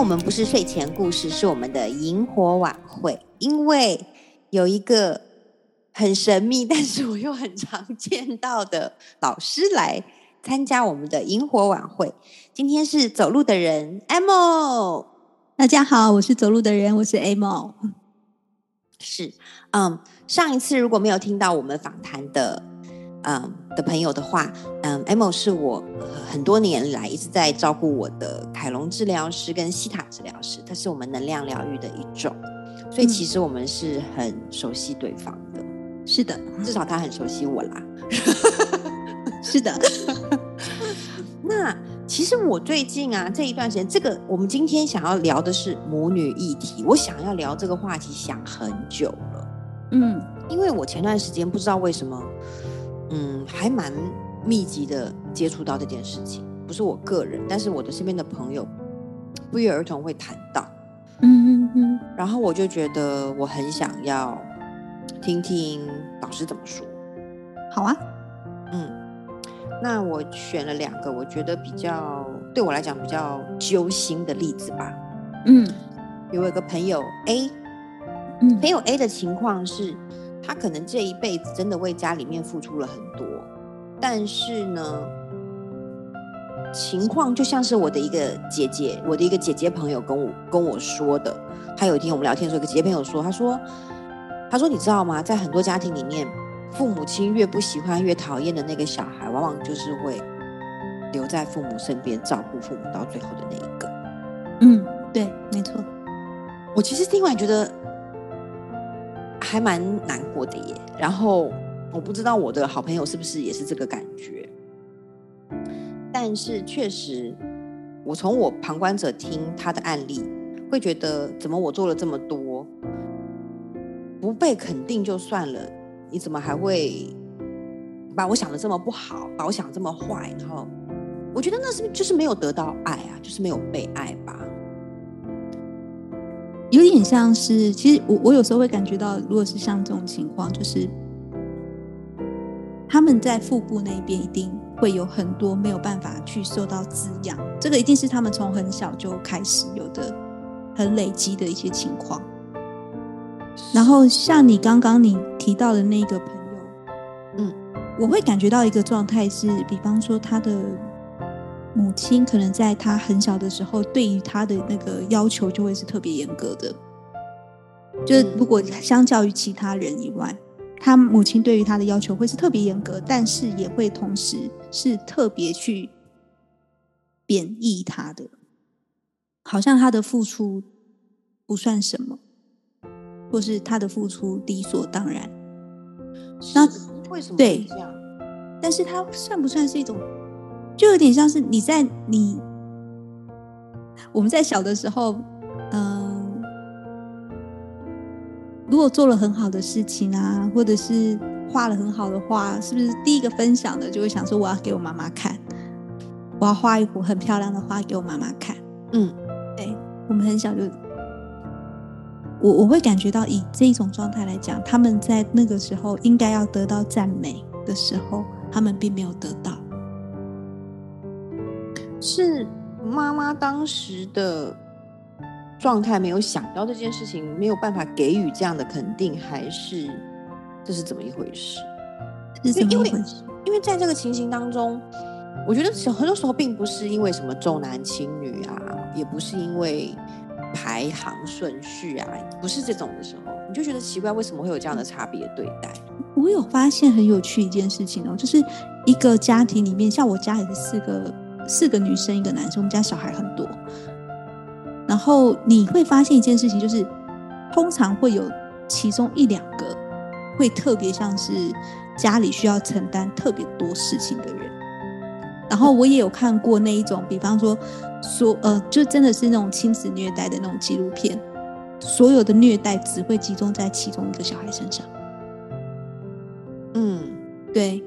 我們不是睡前故事，是我們的營火晚會。因為有一個很神秘，但是我又很常見到的老師來參加我們的營火晚會。今天是走路的人，Amo，大家好，我是走路的人，我是 Amo。是，嗯，上一次如果沒有聽到我們訪談的，嗯。的朋友的話，嗯，Amo 是我很多年來一直在照顧我的凱龍治療師跟西塔治療師，他是我們能量療癒的一種，所以其實我們是很熟悉對方的。是、嗯、的，至少他很熟悉我啦。是的。 是的 那其實我最近啊，這一段時間，這個我們今天想要聊的是母女議題，我想要聊這個話題想很久了。嗯，因為我前段時間不知道為什麼。嗯，還蠻密集的接觸到這件事情，不是我個人，但是我的身邊的朋友不約而同會談到，嗯嗯嗯，然後我就覺得我很想要聽聽老師怎麼說。好啊。嗯，那我選了兩個我覺得比較對我來講比較揪心的例子吧，嗯，有一個朋友 A，嗯，朋友 A 的情況是。他可能這一輩子真的為家裡面付出了很多，但是呢，情況就像是我的一個姐姐，我的一個姐姐朋友跟我跟我說的。他有一天我們聊天的時候，一個姐姐朋友說：“他說，他說你知道嗎？在很多家庭裡面，父母親越不喜歡、越討厭的那個小孩，往往就是會留在父母身邊照顧父母到最後的那一個。”嗯，對，沒錯。我其實聽完覺得。還蠻難過的耶，然後我不知道我的好朋友是不是也是這個感覺，但是確實，我從我旁觀者聽他的案例，會覺得怎麼我做了這麼多，不被肯定就算了，你怎麼還會把我想得這麼不好，把我想得這麼壞？然後我覺得那是就是沒有得到愛啊，就是沒有被愛吧。有點像是，其實我我有時候會感覺到，如果是像這種情況，就是他們在腹部那邊一定會有很多沒有辦法去受到滋養，這個一定是他們從很小就開始有的、很累積的一些情況。然後像你剛剛你提到的那個朋友，嗯，我會感覺到一個狀態是，比方說他的。母親可能在他很小的時候，對於他的那個要求就會是特別嚴格的。就是如果相較於其他人以外，他母親對於他的要求會是特別嚴格，但是也會同時是特別去貶抑他的，好像他的付出不算什麼，或是他的付出理所當然。那為什麼對？但是他算不算是一種？就有點像是你在你我們在小的時候，嗯，如果做了很好的事情啊，或者是畫了很好的畫，是不是第一個分享的就會想說我要給我媽媽看，我要畫一幅很漂亮的畫給我媽媽看？嗯，對，我們很小就我我會感覺到，以這種狀態來講，他們在那個時候應該要得到讚美的時候，他們並沒有得到。是媽媽當時的狀態沒有想到這件事情，沒有辦法給予這樣的肯定，還是這是怎麼一回事？這是怎麼回事？因為，因為在這個情形當中，我覺得很多時候並不是因為什麼重男輕女啊，也不是因為排行順序啊，不是這種的時候，你就覺得奇怪，為什麼會有這樣的差別的對待？我有發現很有趣一件事情哦，就是一個家庭裡面，像我家也是四個。四個女生，一個男生。我們家小孩很多，然後你會發現一件事情，就是通常會有其中一兩個會特別像是家裡需要承擔特別多事情的人。然後我也有看過那一種，比方說所呃，就真的是那種親子虐待的那種紀錄片，所有的虐待只會集中在其中一個小孩身上。嗯，對。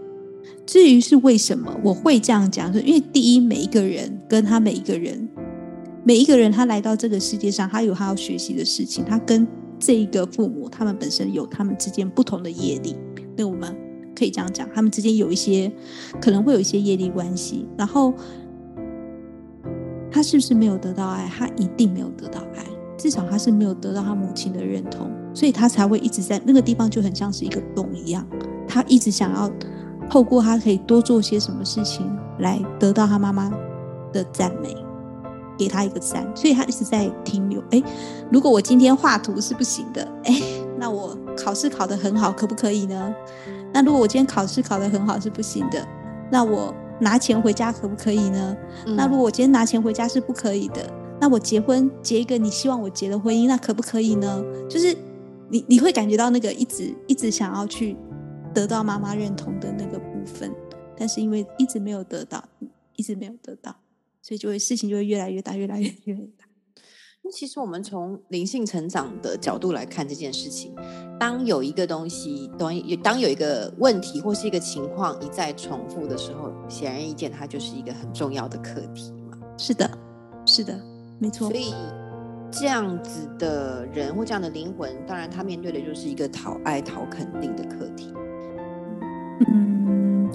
至於是為什麼我會這樣講，說因為第一，每一個人跟他每一個人，每一個人他來到這個世界上，他有他要學習的事情，他跟這一個父母，他們本身有他們之間不同的業力，那我們可以這樣講，他們之間有一些可能會有一些業力關係。然後他是不是沒有得到愛？他一定沒有得到愛，至少他是沒有得到他母親的認同，所以他才會一直在那個地方，就很像是一個洞一樣，他一直想要。透過他可以多做些什麼事情來得到他媽媽的讚美，給他一個讚，所以他一直在停留。誒、欸，如果我今天畫圖是不行的，誒、欸，那我考試考得很好可不可以呢？那如果我今天考試考得很好是不行的，那我拿錢回家可不可以呢？那如果我今天拿錢回家是不可以的，那我結婚結一個你希望我結的婚姻那可不可以呢？就是你你，會感覺到那個一直一直想要去。得到媽媽認同的那個部分，但是因為一直沒有得到，一直沒有得到，所以就會事情就會越來越大，越來越，越來越大。其實我們從靈性成長的角度來看這件事情，當有一個東西，當有當有一個問題或是一個情況一再重複的時候，顯而易見，它就是一個很重要的課題嘛。是的，是的，沒錯。所以這樣子的人或這樣的靈魂，當然他面對的就是一個討愛、討肯定的課題。嗯，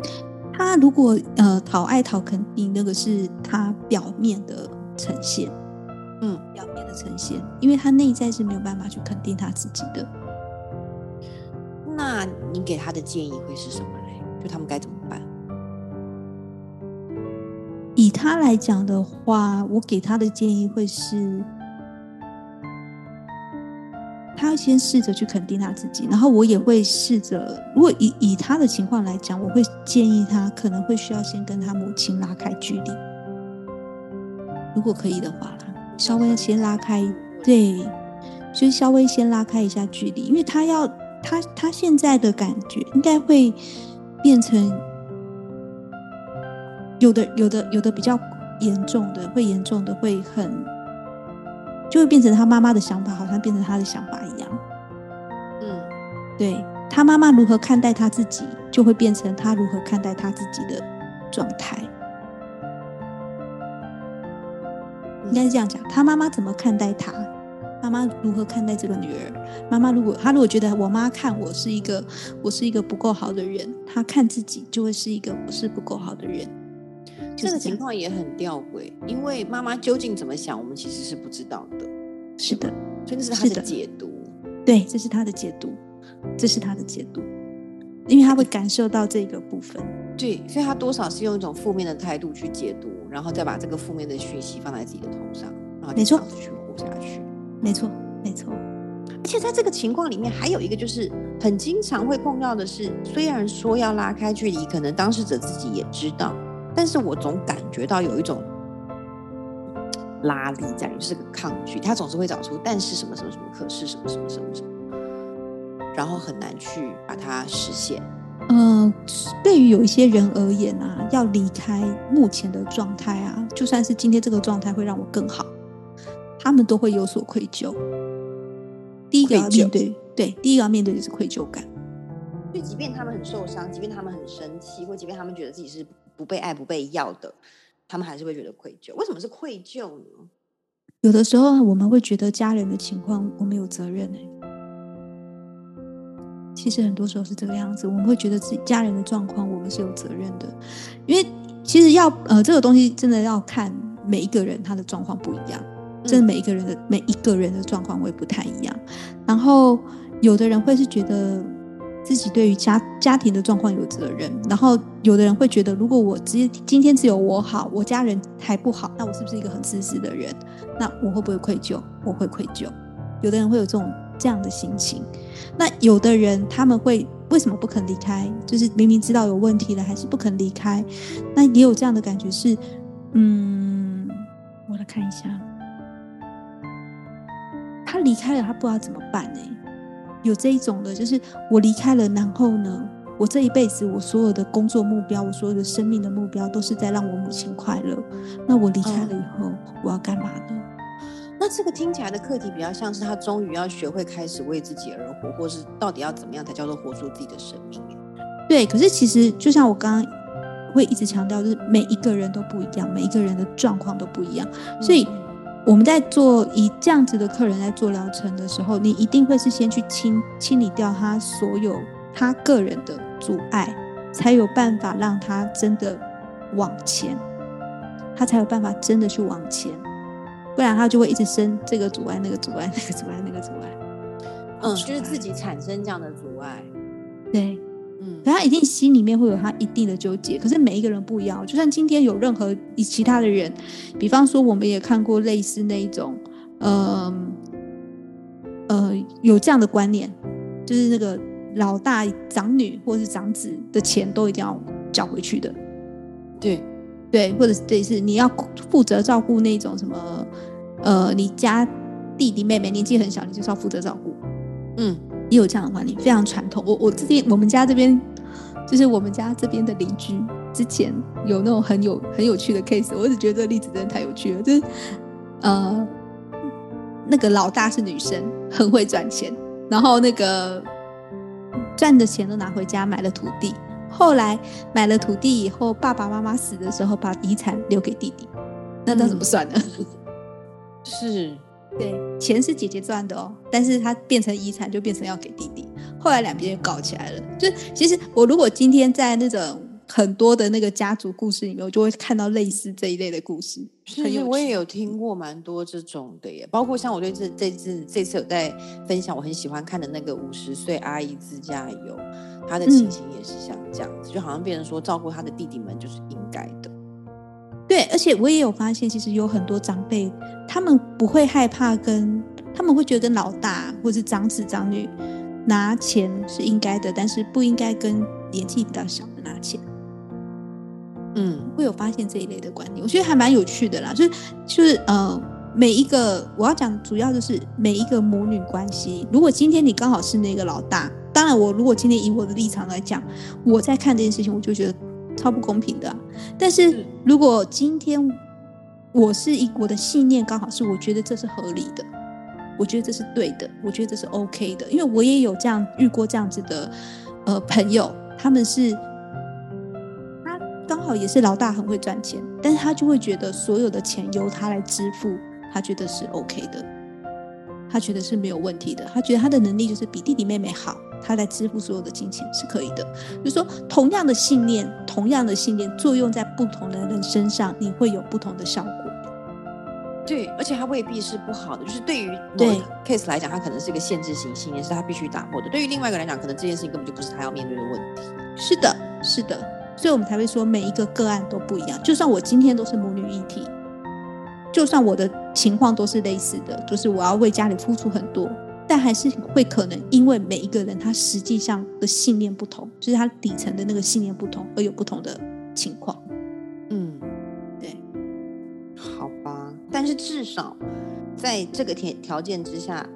他如果呃討愛討肯定那個是他表面的呈現，嗯，表面的呈現，因為他內在是沒有辦法去肯定他自己的。那你給他的建議會是什麼嘞？就他們該怎麼辦？以他來講的話，我給他的建議會是。他要先試着去肯定他自己，然後我也會試着，如果以以他的情況來講，我會建議他可能會需要先跟他母親拉開距離，如果可以的話，稍微先拉開，對，就是稍微先拉開一下距離，因為他要他他現在的感覺應該會變成有的有的有的比較嚴重的，會嚴重的，會很。就會變成他媽媽的想法，好像變成他的想法一樣。嗯，對，他媽媽如何看待他自己，就會變成他如何看待他自己的狀態。嗯。應該是這樣講，他媽媽怎麼看待他？媽媽如何看待這個女兒？媽媽如果，他如果覺得我媽看我是一個，我是一個不夠好的人，他看自己就會是一個，我是不夠好的人。就是、這個情況也很吊詭、嗯，因為媽媽究竟怎麼想，我們其實是不知道的。是的，對，是的，所以這是他的解讀的。對，這是他的解讀，這是他的解讀，因為他會感受到這個部分、嗯。對，所以他多少是用一種負面的態度去解讀，然後再把這個負面的訊息放在自己的頭上，然後沒錯去活下去沒、嗯。沒錯，沒錯。而且在這個情況裡面，還有一個就是很經常會碰到的是，雖然說要拉開距離，可能當事者自己也知道。但是我總感覺到有一種拉力在裡面，就是個抗拒。他總是會找出但是什麼什麼什麼，可是什麼什麼什麼什麼，然後很難去把它實現。嗯、呃，對於有一些人而言啊，要離開目前的狀態啊，就算是今天這個狀態會讓我更好，他們都會有所愧疚。第一個要面對，對，第一個要面對的是愧疚感。就即便他們很受傷，即便他們很生氣，或即便他們覺得自己是。不被愛、不被要的，他們還是會覺得愧疚。為什麼是愧疚呢？有的時候我們會覺得家人的情況，我們有責任、欸。其實很多時候是這個樣子，我們會覺得自己家人的狀況，我們是有責任的。因為其實要呃，這個東西真的要看每一個人他的狀況不一樣，真的每一個人的、嗯、每一個人的狀況會不太一樣。然後有的人會是覺得。自己對於家家庭的狀況有責任，然後有的人會覺得，如果我只今天只有我好，我家人還不好，那我是不是一個很自私的人？那我會不會愧疚？我會愧疚。有的人會有這種這樣的心情。那有的人他們會為什麼不肯離開？就是明明知道有問題了，還是不肯離開。那也有這樣的感覺是，嗯，我來看一下，他離開了，他不知道怎麼辦呢。有這一種的，就是我離開了，然後呢，我這一輩子，我所有的工作目標，我所有的生命的目標，都是在讓我母親快樂。那我離開了以後，嗯、我要幹嘛？呢？那這個聽起來的課題比較像是他終於要學會開始為自己而活，或是到底要怎麼樣才叫做活出自己的生命？對，可是其實就像我剛剛會一直強調，就是每一個人都不一樣，每一個人的狀況都不一樣，所以。嗯我們在做以這樣子的客人在做療程的時候，你一定會是先去清清理掉他所有他個人的阻礙，才有辦法讓他真的往前，他才有辦法真的去往前，不然他就會一直生這個阻礙、那個阻礙、那個阻礙、那個阻礙，嗯，就是自己產生這樣的阻礙，對。嗯，可他一定心裡面會有他一定的糾結、嗯。可是每一個人不一樣，就算今天有任何其他的人，比方說我們也看過類似那一種，呃，呃，有這樣的觀念，就是那個老大長女或是長子的錢都一定要繳回去的。對，對，或者是對，是你要負責照顧那種什麼，呃，你家弟弟妹妹年紀很小，你就是要負責照顧。嗯。也有這樣的觀念，非常傳統。我我這邊，我們家這邊，就是我們家這邊的鄰居，之前有那種很有很有趣的 case，我一直覺得這個例子真的太有趣了，就是，呃，那個老大是女生，很會賺錢，然後那個賺的錢都拿回家買了土地，後來買了土地以後，爸爸媽媽死的時候把遺產留給弟弟，那他怎麼算呢？嗯、 是。對，錢是姐姐賺的哦，但是她變成遺產就變成要給弟弟，後來兩邊就搞起來了。就其實我如果今天在那種很多的那個家族故事裡面，我就會看到類似這一類的故事。是，我也有聽過蠻多這種的，也包括像我對這這次這次有在分享，我很喜歡看的那個五十歲阿姨自駕遊，她的情形也是像這樣子、嗯，就好像變成說照顧她的弟弟們就是應該的。對，而且我也有發現，其實有很多長輩，他們不會害怕跟，他們會覺得跟老大或者長子長女拿錢是應該的，但是不應該跟年紀比較小的拿錢。嗯，會有發現這一類的觀念，我覺得還蠻有趣的啦。就是就是呃，每一個我要講主要就是每一個母女關係。如果今天你剛好是那個老大，當然我如果今天以我的立場來講，我在看這件事情，我就覺得。超不公平的啊。但是如果今天我是一我的信念剛好是，我覺得這是合理的，我覺得這是對的，我覺得這是 OK 的，因為我也有這樣遇過這樣子的呃朋友，他們是他剛好也是老大，很會賺錢，但是他就會覺得所有的錢由他來支付，他覺得是 OK 的，他覺得是沒有問題的，他覺得他的能力就是比弟弟妹妹好。他在支付所有的金錢是可以的，就是說同樣的信念，同樣的信念作用在不同的人身上，你會有不同的效果。對，而且它未必是不好的，就是對於對 case 來講，它可能是一個限制性信念，是它必須打破的。對於另外一個來講，可能這件事情根本就不是他要面對的問題。是的，是的，所以我們才會說每一個個案都不一樣。就算我今天都是母女議題，就算我的情況都是類似的，就是我要為家裡付出很多。但還是會可能因為每一個人他實際上的信念不同，就是他底層的那個信念不同，而有不同的情況。嗯，對，好吧。但是至少在這個條條件之下，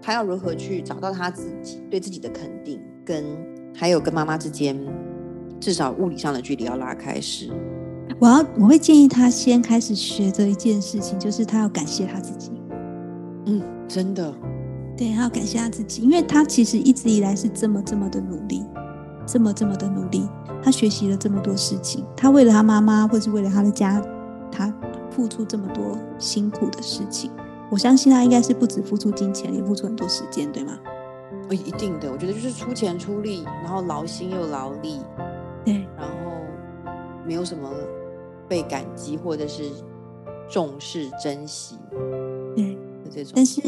他要如何去找到他自己對自己的肯定，跟還有跟媽媽之間，至少物理上的距離要拉開是。我要我會建議他先開始學這一件事情，就是他要感謝他自己。嗯，真的。對，還要感謝他自己，因為他其實一直以來是這麼這麼的努力，這麼這麼的努力。他學習了這麼多事情，他為了他媽媽，或是為了他的家，他付出這麼多辛苦的事情。我相信他應該是不止付出金錢，也付出很多時間，對嗎？哦、欸，一定的。我覺得就是出錢出力，然後勞心又勞力，對。然後沒有什麼被感激或者是重視珍惜，對，就這種，但是。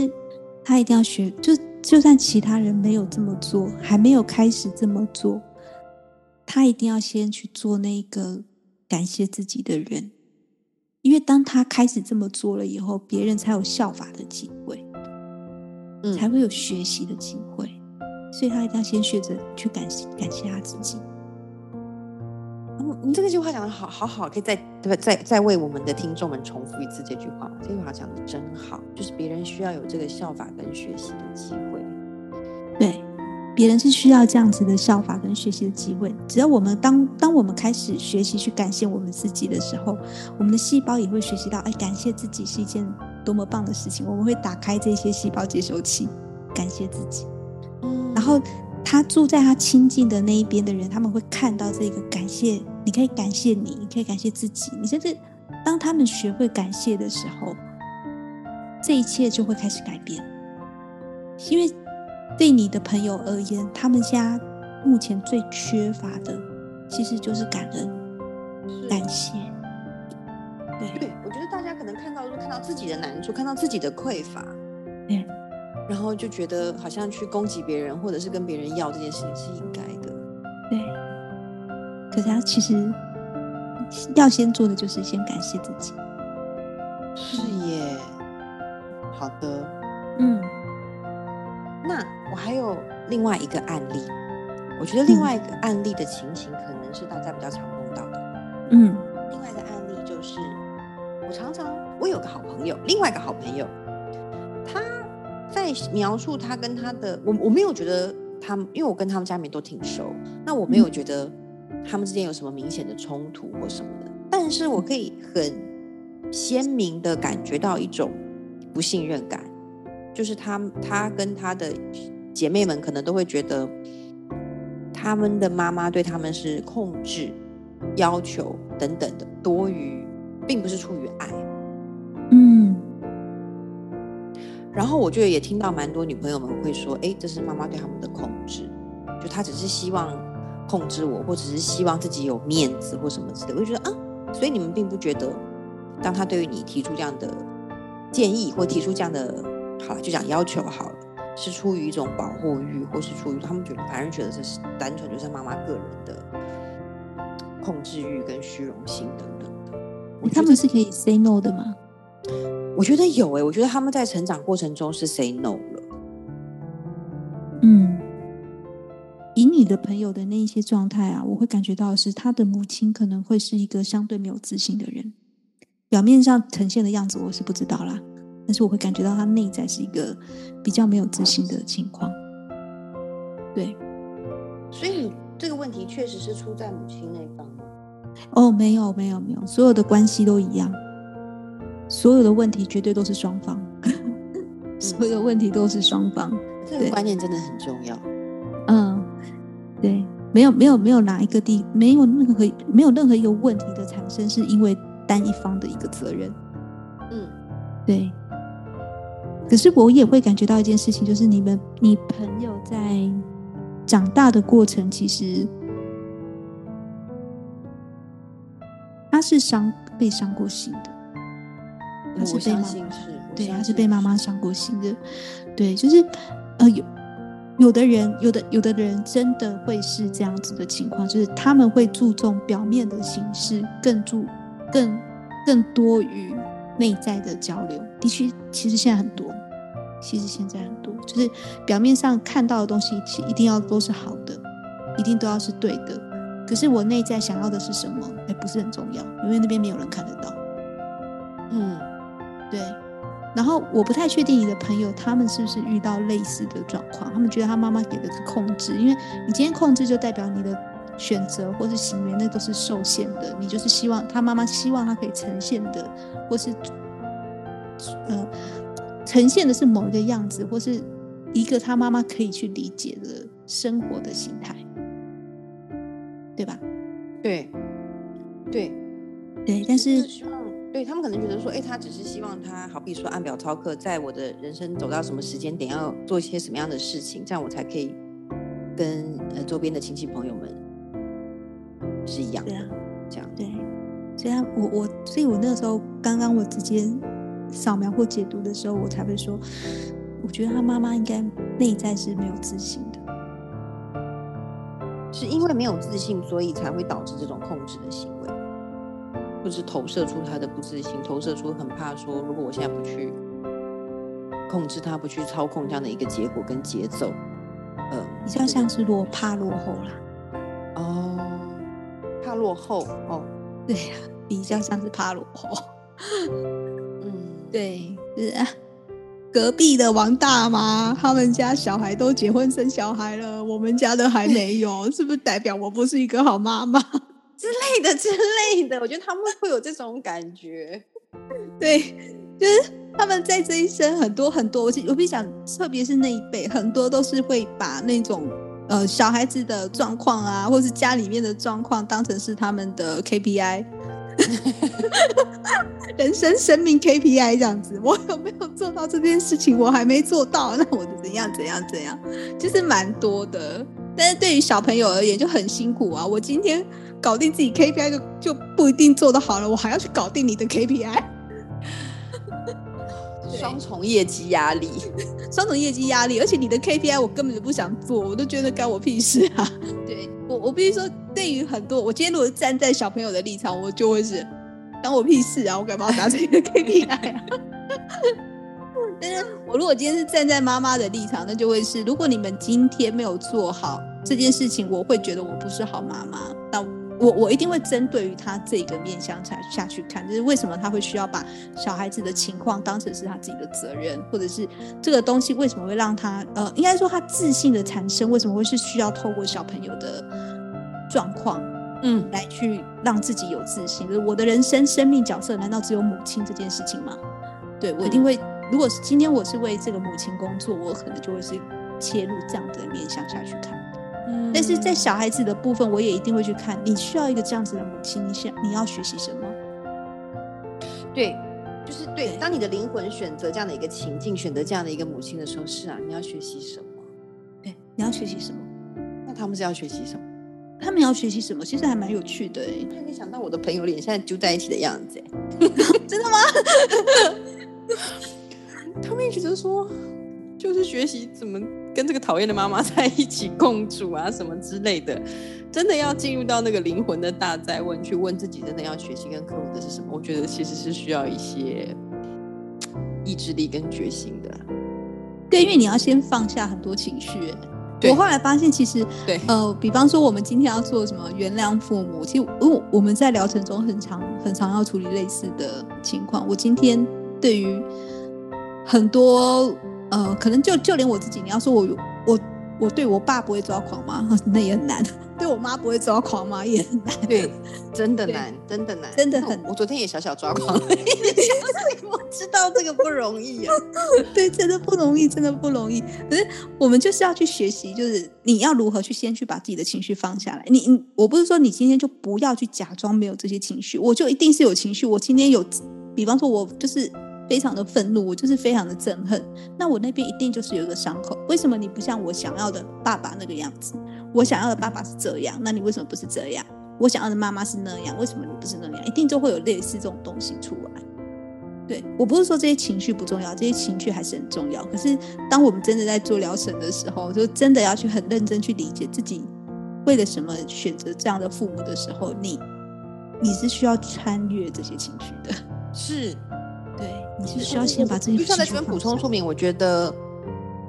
他一定要學，就就算其他人沒有這麼做，還沒有開始這麼做，他一定要先去做那個感謝自己的人，因為當他開始這麼做了以後，別人才有效法的機會，才會有學習的機會，嗯，所以他一定要先學着去感謝，感謝他自己。你這個句話講的好好好，可以再，對吧？再再為我們的聽眾們重複一次這句話。這句話講的真好，就是別人需要有這個效法跟學習的機會。對，別人是需要這樣子的效法跟學習的機會。只要我們當當我們開始學習去感謝我們自己的時候，我們的細胞也會學習到，哎，感謝自己是一件多麼棒的事情。我們會打開這些細胞接收器，感謝自己。然後他住在他親近的那一邊的人，他們會看到這個感謝。你可以感謝你，你可以感謝自己。你甚至，當他們學會感謝的時候，這一切就會開始改變。因為對你的朋友而言，他們家目前最缺乏的其實就是感恩，感謝對對對。對，我覺得大家可能看到，如果看到自己的難處，看到自己的匱乏，對，然後就覺得好像去攻擊別人，或者是跟別人要這件事情是應該的，對。大家其實要先做的就是先感謝自己。是耶，好的，嗯。那我還有另外一個案例，我覺得另外一個案例的情形可能是大家比較常碰到的。嗯。另外一個案例就是，我常常，我有個好朋友，另外一個好朋友，他在描述他跟他的，我，我沒有覺得他，因為我跟他們家裡面都挺熟，那我沒有覺得。嗯。他們之間有什麼明顯的衝突或什麼的，但是我可以很鮮明的感覺到一種不信任感，就是他他跟他的姐妹們可能都會覺得，他們的媽媽對他們是控制、要求等等的多於，並不是出於愛。嗯，然後我就也聽到蠻多女朋友們會說，哎，這是媽媽對他們的控制，就她只是希望。控制我，或者是希望自己有面子或什麼之類，我就覺得啊、嗯，所以你們並不覺得，當他對於你提出這樣的建議或提出這樣的，好了，就講要求好了，是出於一種保護欲，或是出於他們覺得，反正覺得這是單純就是他媽媽個人的控制欲跟虛榮心等等的、欸。他們是可以 say no 的嗎？我覺得有誒、欸，我覺得他們在成長過程中是 say no 了，嗯。的朋友的那一些狀態啊，我會感覺到是他的母親可能會是一個相對沒有自信的人，表面上呈現的樣子我是不知道啦，但是我會感覺到他內在是一個比較沒有自信的情況。對，所以你這個問題確實是出在母親那一方哦，oh, 沒有，沒有，沒有，所有的關係都一樣，所有的問題絕對都是雙方， 所有的問題都是雙方。這個觀念真的很重要。沒有沒有沒有哪一個地，沒有任何沒有任何一個問題的產生是因為單一方的一個責任，嗯，對。可是我也會感覺到一件事情，就是你們你朋友在長大的過程，其實他是傷被傷過心的，他是被媽媽對，他是被媽媽傷過心的，對，就是呃有。哎有的人，有的有的人真的會是這樣子的情況，就是他們會注重表面的形式，更注，更更多於內在的交流。的確，其實現在很多，其實現在很多，就是表面上看到的東西，一一定要都是好的，一定都要是對的。可是我內在想要的是什麼，也、欸、不是很重要，因為那邊沒有人看得到。嗯，對。然後我不太確定你的朋友他們是不是遇到類似的狀況，他們覺得他媽媽給的是控制，因為你今天控制就代表你的選擇或是行為那都是受限的，你就是希望他媽媽希望他可以呈現的或是呃呈現的是某一個樣子，或是一個他媽媽可以去理解的生活的心態，對吧？對，對，對，但是。對，他們可能覺得說，哎、欸，他只是希望他好比說按表操課，在我的人生走到什麼時間點要做一些什麼樣的事情，這樣我才可以跟呃周邊的親戚朋友們是一樣的。對啊、這樣。對。這樣我我所以我我所以，我那個時候剛剛我直接掃描或解讀的時候，我才會說，我覺得他媽媽應該內在是沒有自信的，是因為沒有自信，所以才會導致這種控制的行為。或是投射出他的不自信，投射出很怕說，如果我現在不去控制他，不去操控這樣的一個結果跟節奏，呃，比較像是落怕落後啦。哦，怕落後哦，對呀，比較像是怕落後。嗯，對，是啊。隔壁的王大媽，他們家小孩都結婚生小孩了，我們家的還沒有， 是不是代表我不是一個好媽媽？之類的之類的，我覺得他們會有這種感覺， 對，就是他們在這一生很多很多，我我比較想，特別是那一輩，很多都是會把那種呃小孩子的狀況啊，或者是家裡面的狀況，當成是他們的 KPI， 人生生命 KPI 這樣子。我有沒有做到這件事情？我還沒做到，那我就怎樣怎樣怎樣，就是蠻多的。但是對於小朋友而言就很辛苦啊。我今天。搞定自己 KPI 就就不一定做得好了，我還要去搞定你的 KPI，雙 重業績壓力，雙重業績壓力，而且你的 KPI 我根本就不想做，我都覺得該我屁事啊！對我，我必須說，對於很多我今天如果站在小朋友的立場，我就會是當我屁事啊！我幹嘛要達成你的 KPI？ 但是我如果今天是站在媽媽的立場，那就會是如果你們今天沒有做好這件事情，我會覺得我不是好媽媽。我我一定會針對於他這個面向才下去看，就是為什麼他會需要把小孩子的情況當成是他自己的責任，或者是這個東西為什麼會讓他呃，應該說他自信的產生為什麼會是需要透過小朋友的狀況，嗯，來去讓自己有自信。嗯就是、我的人生生命角色難道只有母親這件事情嗎？對我一定會、嗯，如果今天我是為這個母親工作，我可能就會是切入這樣的面向下去看。但是在小孩子的部分，我也一定會去看。你需要一個這樣子的母親，你想你要學習什麼？對，就是對，對。當你的靈魂選擇這樣的一個情境，選擇這樣的一個母親的時候，是啊，你要學習什麼？對，你要學習什麼？那他們是要學習什麼？他們要學習什麼？其實還蠻有趣的。就沒想到我的朋友臉現在揪在一起的樣子， 真的嗎？ 他們一直都說，就是學習怎麼跟這個討厭的媽媽在一起共處啊，什麼之類的，真的要進入到那個靈魂的大哉問，去問自己，真的要學習跟克服的是什麼？我覺得其實是需要一些意志力跟決心的、啊。對，因為你要先放下很多情緒對。我後來發現，其實對，呃，比方說我們今天要做什麼原諒父母，其實我我們在療程中很常很常要處理類似的情況。我今天對於很多。呃，可能就就連我自己，你要說我我我對我爸不會抓狂嗎？那也很難。嗯，對我媽不會抓狂嗎？也很難。對，真的難，真的難，真的很。我昨天也小小抓狂了。 我知道這個不容易啊。 對，真的不容易，真的不容易。可是我們就是要去學習，就是你要如何去先去把自己的情緒放下來。你，我不是說你今天就不要去假裝沒有這些情緒，我就一定是有情緒。我今天有，比方說，我就是。非常的憤怒，我就是非常的憎恨。那我那邊一定就是有一個傷口。為什麼你不像我想要的爸爸那個樣子？我想要的爸爸是這樣，那你為什麼不是這樣？我想要的媽媽是那樣，為什麼你不是那樣？一定就會有類似這種東西出來。對，我不是說這些情緒不重要，這些情緒還是很重要。可是當我們真的在做療程的時候，就真的要去很認真去理解自己為了什麼選擇這樣的父母的時候，你你是需要穿越這些情緒的。是。對，你是需要先把自己細細細。就算在這邊補充說明，我覺得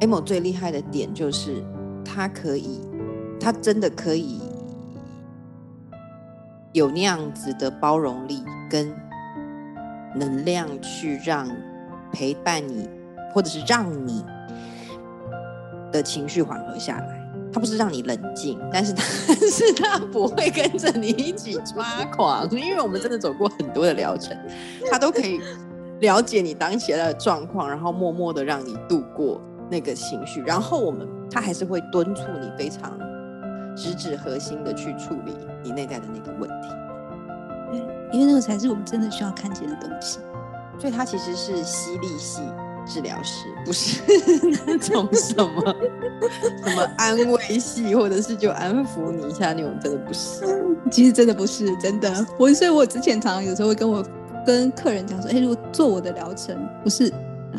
，Amo 最厲害的點就是，他可以，他真的可以有那樣子的包容力跟能量，去讓陪伴你，或者是讓你的情緒緩和下來。他不是讓你冷靜，但是但是他不會跟着你一起抓狂， 因為我們真的走過很多的療程，他都可以。了解你當前的狀況，然後默默的讓你度過那個情緒，然後我們他還是會敦促你非常直指核心的去處理你內在的那個問題，對，因為那個才是我們真的需要看見的東西。所以他其實是犀利系治療師，不是那 種什麼什麼安慰系，或者是就安撫你一下那種，你我們真的不是，其實真的不是真的。我所以，我之前常常有時候會跟我。跟客人講說：“哎、欸，如果做我的療程不是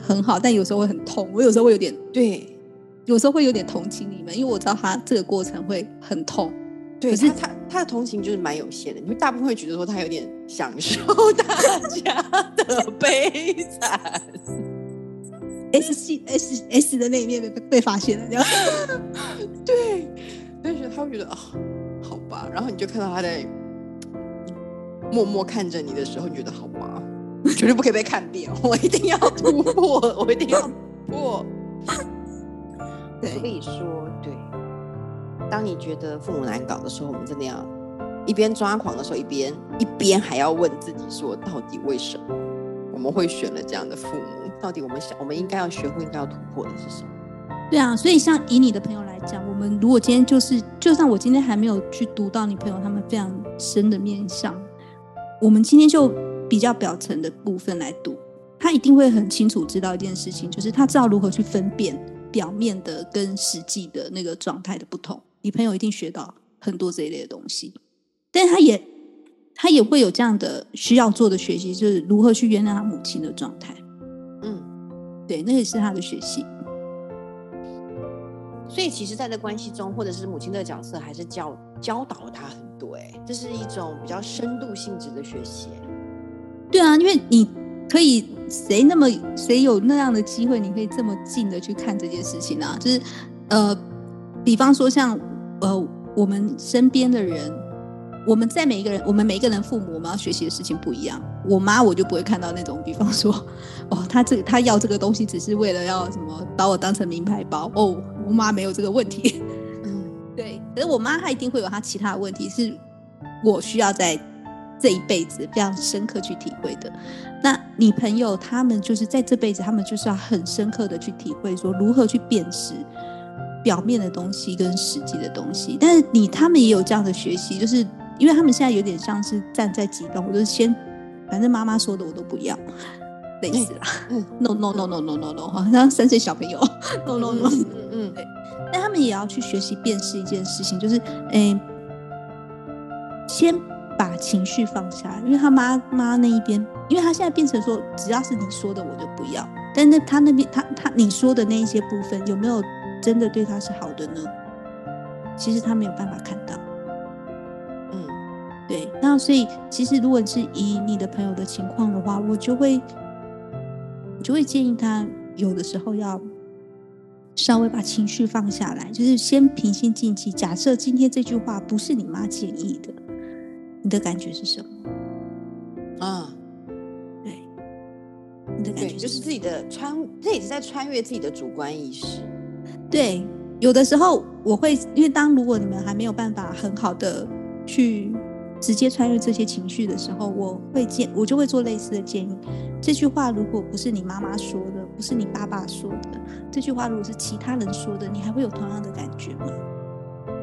很好，但有時候會很痛，我有時候會有點……對，有時候會有點同情你們，因為我知道他這個過程會很痛。對，可是他他，他的同情就是蠻有限的，因為大部分會覺得說他有點享受大家的悲慘 ，S C S S 的那一面被被發現了，然後， 對，所以覺得他會覺得啊、哦，好吧，然後你就看到他在。”默默看着你的時候，你覺得好嗎？絕對不可以被看扁！我一定要突破，我一定要突破。對， 所以說，對。當你覺得父母難搞的時候，我們真的要一邊抓狂的時候，一邊一邊還要問自己：說到底為什麼我們會選了這樣的父母？到底我們想，我們應該要學會，應該要突破的是什麼？對啊，所以像以你的朋友來講，我們如果今天就是，就算我今天還沒有去讀到你朋友他們非常深的面相。我們今天就比較表層的部分來讀，他一定會很清楚知道一件事情，就是他知道如何去分辨表面的跟實際的那個狀態的不同。你朋友一定學到很多這一類的東西，但他也他也會有這樣的需要做的學習，就是如何去原諒他母親的狀態。嗯，對，那個是他的學習。所以其實，在這關係中，或者是母親的角色，還是教教導了他很多，欸。這是一種比較深度性質的學習。對啊，因為你可以誰那麼誰有那樣的機會，你可以這麼近的去看這件事情呢？啊？就是呃，比方說像呃我們身邊的人，我們在每一個人，我們每一個人父母，我們要學習的事情不一樣。我媽我就不會看到那種，比方說哦，她這她要這個東西只是為了要什麼把我當成名牌包哦。媽沒有這個問題，嗯，對，可是我媽她一定會有她其他的問題，是我需要在這一輩子非常深刻去體會的。那你朋友他們就是在這輩子，他們就是要很深刻的去體會，說如何去辨識表面的東西跟實際的東西。但是你他們也有這樣的學習，就是因為他們現在有點像是站在極端，我就是先反正媽媽說的我都不要，累死了，嗯、欸欸、no,no no no no no no no，好像三歲小朋友，no no no, no. 嗯，對，但他們也要去學習辨識一件事情，就是，嗯、欸，先把情緒放下，因為他媽媽那一邊，因為他現在變成說，只要是你說的我就不要，但是他那邊他他你說的那一些部分有沒有真的對他是好的呢？其實他沒有辦法看到。嗯，對，那所以其實如果是以你的朋友的情況的話，我就會，我就會建議他有的時候要。稍微把情緒放下來，就是先平心靜氣。假設今天這句話不是你媽建議的，你的感覺是什麼？啊、嗯，對，你的感覺是就是自己的穿，自己是在穿越自己的主觀意識。對，有的時候我會，因為當如果你們還沒有辦法很好的去。直接穿越這些情緒的時候，我會建，我就會做類似的建議。這句話如果不是你媽媽說的，不是你爸爸說的，這句話如果是其他人說的，你還會有同樣的感覺嗎？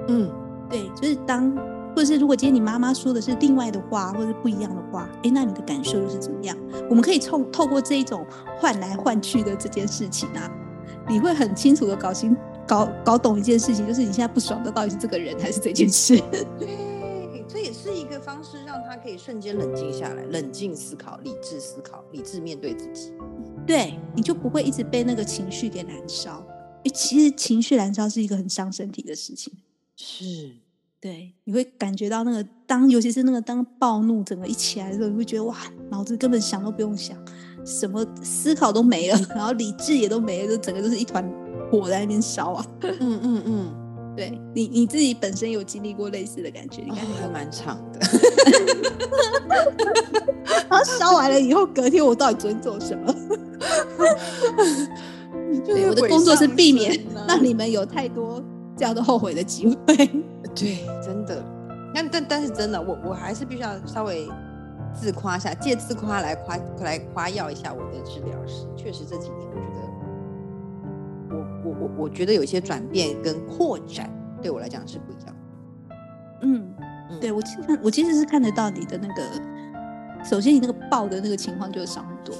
嗯，對，就是當，或者是如果今天你媽媽說的是另外的話，或者是不一樣的話，誒，那你的感受又是怎麼樣？我們可以透透過這一種換來換去的這件事情啊，你會很清楚的搞清搞搞懂一件事情，就是你現在不爽的到底是這個人還是這件事。 這也是一個方式，讓他可以瞬間冷靜下來，冷靜思考，理智思考，理智面對自己。對，你就不會一直被那個情緒給燃燒。其實情緒燃燒是一個很傷身體的事情。是。對，你會感覺到那個當，尤其是那個當暴怒整個一起來的時候，你會覺得哇，腦子根本想都不用想，什麼思考都沒了，然後理智也都沒了，就整個就是一團火在那邊燒啊。嗯嗯嗯。對，你你自己本身有經歷過類似的感覺，你、oh, 感覺還蠻長的。然後燒完了以後，隔天我到底準備做什麼？對，我的工作是避免讓你們有太多這樣的後悔的機會。 對，真的。但但但是真的，我我還是必須要稍微自誇一下，借自誇來誇來誇耀一下我的治療師。確實這幾年，我覺得。我我覺得有一些轉變跟擴展，對我來講是不一樣的嗯。嗯，對，我其實我其實是看得到你的那個，首先你那個爆的那個情況就少很多。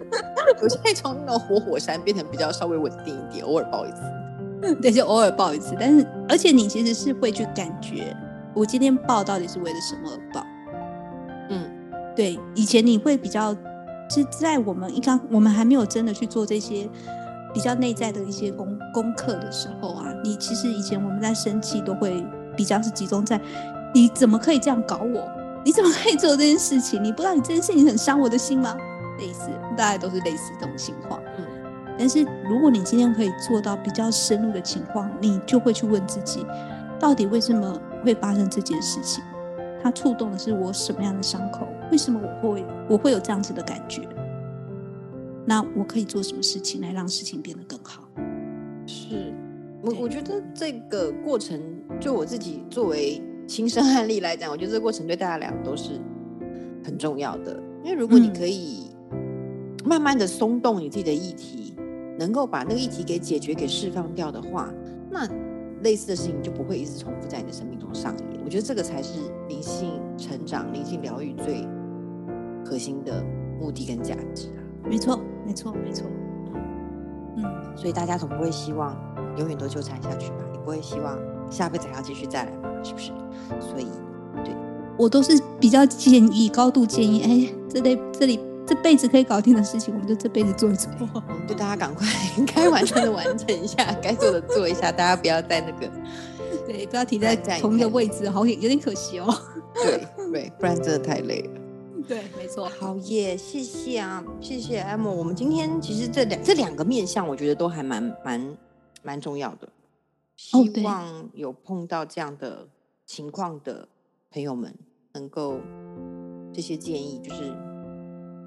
我現在從那個活火、火山變成比較稍微穩定一點，偶爾爆一次，對，就偶爾爆一次。但是，而且你其實是會去感覺，我今天爆到底是為了什麼而爆？嗯，對，以前你會比較是在我們一剛我們還沒有真的去做這些比較內在的一些功功課的時候啊，你其實以前我們在生氣都會比較是集中在，「你怎麼可以這樣搞我？你怎麼可以做這件事情？你不知道你這件事情很傷我的心嗎？類似，大概都是類似這種情況。嗯，但是如果你今天可以做到比較深入的情況，你就會去問自己，到底為什麼會發生這件事情？它觸動的是我什麼樣的傷口？為什麼我會我會有這樣子的感覺？那我可以做什麼事情來讓事情變得更好？是我我覺得這個過程，就我自己作為親身案例來講，我覺得這個過程對大家來講都是很重要的。因為如果你可以慢慢的鬆動你自己的議題，能夠把那個議題給解決、給釋放掉的話，那類似的事情就不會一直重複在你的生命中上演。我覺得這個才是靈性成長、靈性療癒最核心的目的跟價值啊！沒錯。沒錯，沒錯，嗯，所以大家總不會希望永遠都糾纏下去吧？也不會希望下輩子還要繼續再來吧？是不是？所以，對我都是比較建議，高度建議，哎，這得，這裡這輩子可以搞定的事情，我們就這輩子做一做，就大家趕快該完成的完成一下，該 做的做一下，大家不要在那個，對，不要停在同一個位置，好，有點可惜哦。對對，不然真的太累了。對，沒錯。好耶，yeah, 謝謝啊，謝謝 Amo。我們今天其實這兩這兩個面向我覺得都還蠻蠻蠻重要的。希望有碰到這樣的情況的朋友們，能夠這些建議，就是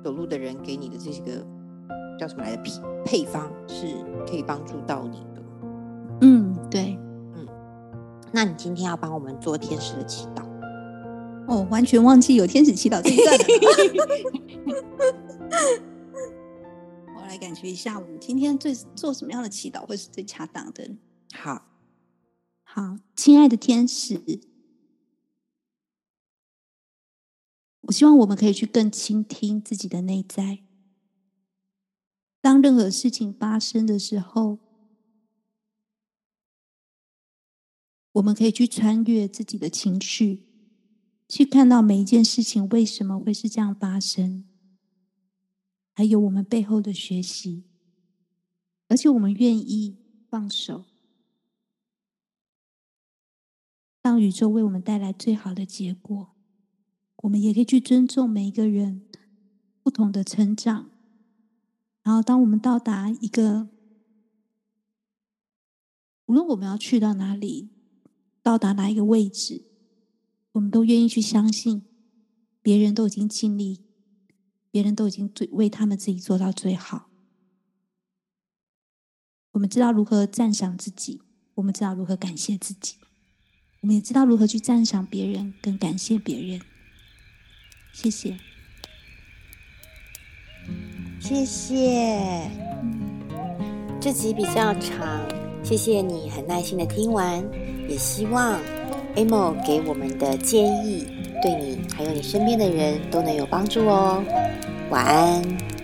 走路的人給你的這幾個叫什麼來著配配方，是可以幫助到你的。嗯，對，嗯。那你今天要幫我們做天使的祈禱。哦、oh，完全忘記有天使祈禱這一段了 我來感覺一下，我們今天最做什麼樣的祈禱會是最恰當的？好好，親愛的天使，我希望我們可以去更傾聽自己的內在。當任何事情發生的時候，我們可以去穿越自己的情緒。去看到每一件事情為什麼會是這樣發生，還有我們背後的學習，而且我們願意放手，讓宇宙為我們帶來最好的結果。我們也可以去尊重每一個人不同的成長，然後當我們到達一個，無論我們要去到哪裡，到達哪一個位置。我們都願意去相信，別人都已經盡力，別人都已經為他們自己做到最好。我們知道如何贊賞自己，我們知道如何感謝自己，我們也知道如何去贊賞別人跟感謝別人。謝謝，謝謝。這集比較長，謝謝你很耐心的聽完，也希望。Amo 給我們的建議，對你還有你身邊的人都能有幫助哦。晚安。